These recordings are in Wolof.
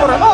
borom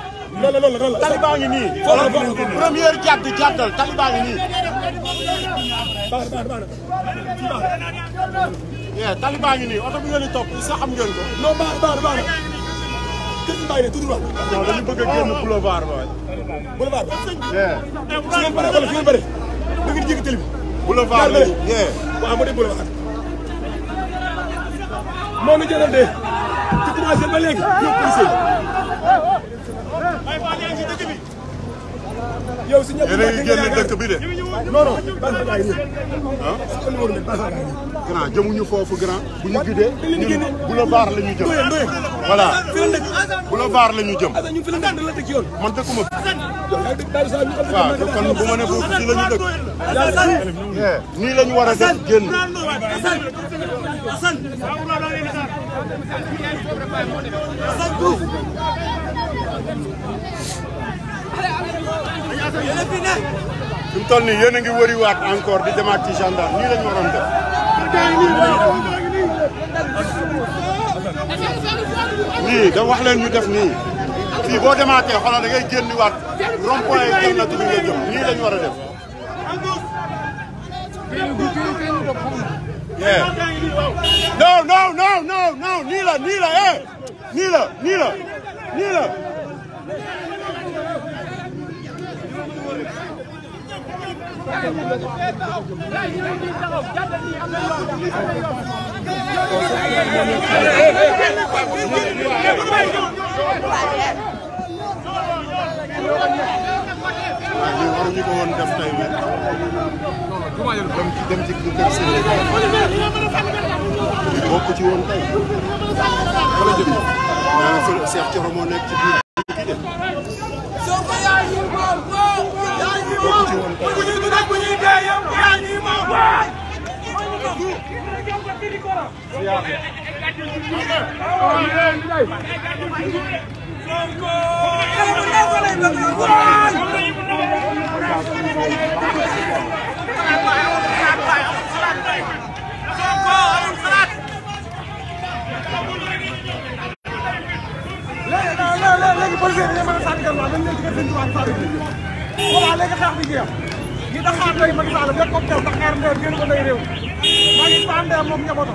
loolu loolu loolu taliban ngi nii. première jàdd jàddal taliban ngi nii. waaw taliban ngi nii oto bi ngeen di topp sax xam ngeen ko. non baax baax baax na. kër gi bàyyi na tudd waaw. non dañu bëgg a génn boulevard ba. boulevard ba. su ngeen paree wala su ngeen paree. da ngeen jéggi télé bi. boulevard bi waaw moo di boulevard. moo ñu jëlal de. ci commencé ba léegi ñoom policier yi. yow si ñëpp génn dëkk bi de. non non. grand jëmuñu foofu grand. bu ñu guddee ñun boulevard la ñu jëm. voilà boulevard la ñu jëm. man dëkkuma. waaw kon bu ma ne foofu fii la ñu dëkk. Eh, nii la ñu war a def fi mu toll nii yéen a ngi wëriwaat encore di demaat ci gendarme nii la ñu waroon def. nii da wax leen ñu def nii. fii boo demaatee xoolal da ngay génniwaat rond-point yi dem na bi ngay jëm nii la ñu war a def. non non non non. la nii la eh nii la nii la nii la waaw ñun waruñu ko woon def tey wér. dem ci dem ci kër Serigne. ñu bokk ci woon tey. wala jëm na. maanaam Cheikh Thioro moo nekk ci biir kii de. bokk ci woon tey. siyaare. léegi nag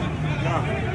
léegi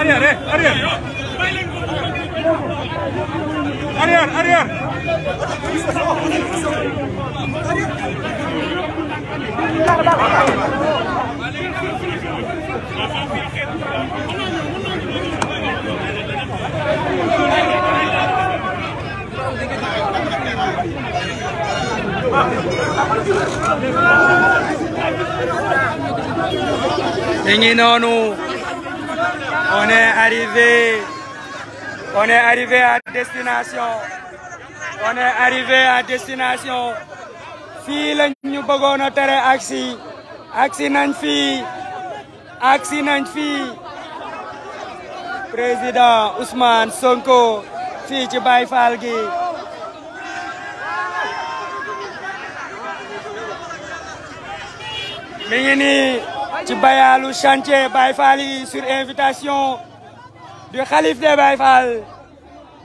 Arrière, arrière arrière arrière Ngi noonu on est arrivé On est arrivé à destination. On est arrivé à destination. fii la ñu bëggoon a tere aksi aksi nañ fii aksi nañ fii président Ousmane Sonko fii ci Baye Fall gi mi ci bayalu chantier Baye Fall yi sur invitation di xalif de Baye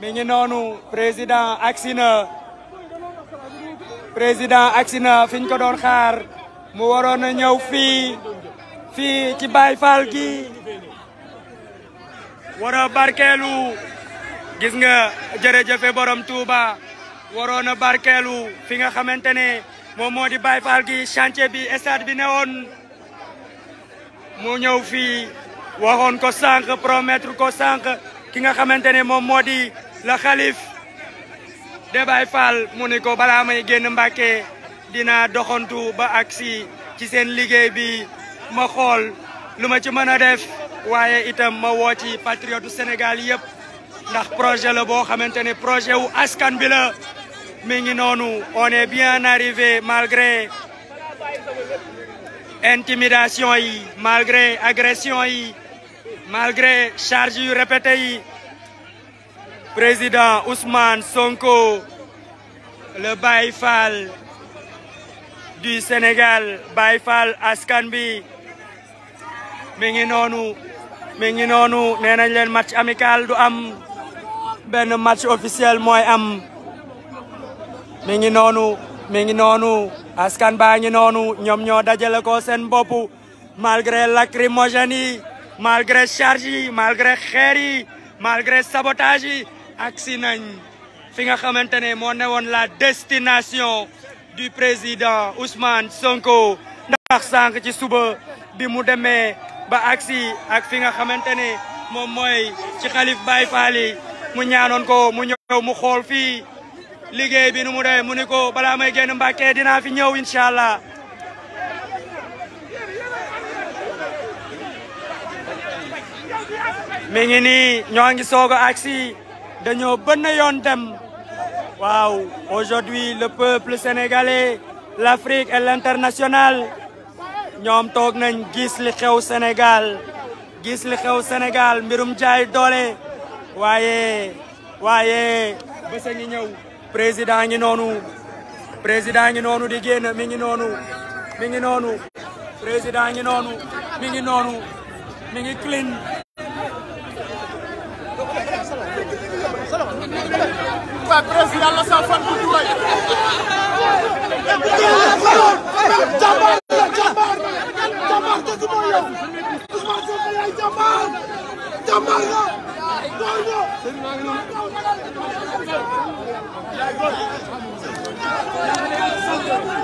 mi ngi noonu président agsi na président agsi na fi ñu ko doon xaar mu waroon a ñëw fii fii ci Baye Fall gi barkeelu gis nga jërëjëfe borom Touba waroon a barkeelu fi nga xamante ne moom moo di Baye Fall gi chantier bi stade bi newoon mu ñëw fii waxoon ko sànq promettre ko sànq ki nga xamante ne moom moo di la xalif de Baye Fall mu ni ko balaa may génn mbake dinaa doxantu ba ak si ci seen liggéey bi ma xool lu ma ci mën a def waaye itam ma woo ci patriote Sénégal yëpp ndax projet la boo xamante ne projet wu askan bi la mi ngi noonu on est bien arrivé malgré intimidation yi malgré agression yi malgré charge yu répété yi président Ousmane Sonko le Baye du Sénégal Baye Fall askan bi mi ngi noonu mi ngi noonu nee nañ leen match amical du am benn match officiel mooy am mi ngi noonu mi ngi noonu askan baa ñoom ñoo dajale ko seen bopp malgré lacrymogène malgré charge yi malgré xeer yi malgré sabotage yi si nañ fi nga xamante ne moo newoon la destination du président Ousmane Sonko ndax sànq ci suba bi mu demee ba agsi ak fi nga xamante ne moom mooy ci xalif Baye Fall mu ñaanoon ko mu ñëw mu xool fii liggéey bi nu mu dee mu ni ko balaa may génn Mbàkke dinaa fi ñëw incha allah mi ngi nii ñoo ngi soog a agsi dañoo bënn yoon dem waaw aujourd'hui le peuple sénégalais l'Afrique et l'international ñoom toog nañ gis li xew Sénégal gis li xew Sénégal mbirum jaay doole waaye waaye bés ngi ñëw président ngi noonu président ngi noonu di génn mi ngi noonu mi ngi noonu président ngi noonu mi ngi noonu mi ngi clean. waaw président yàlla sa fan bu dugal. jàmbaar la jàmbaar jàmbaar dëgg mooy yow. Ousmane Sonko yaay jàmbaar jàmbaar la. doy na. yaa ngi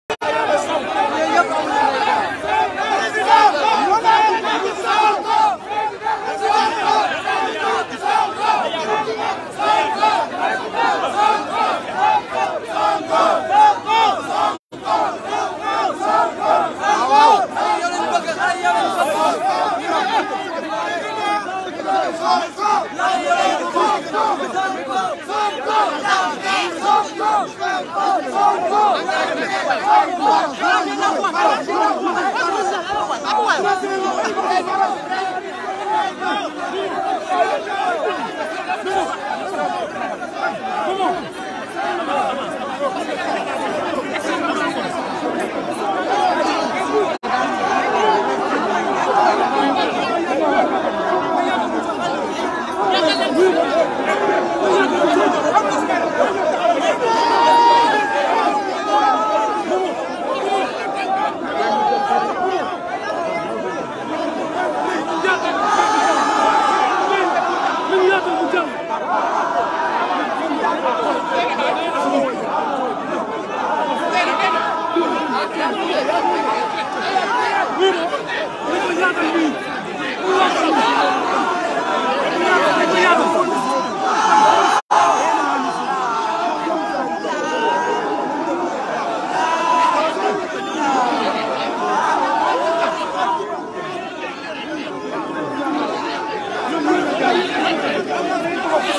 Come on.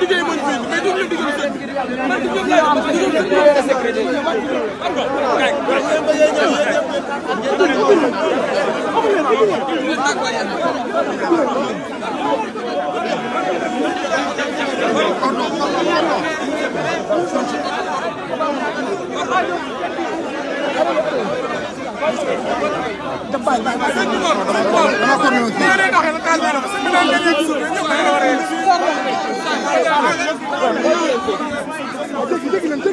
liggéey mooy fii mais ñu ngi liggéey sëñ bi man di ñoom laa parce que ñoom sëñ ñoom sëñ bi ñoom wàcc Bay bay bay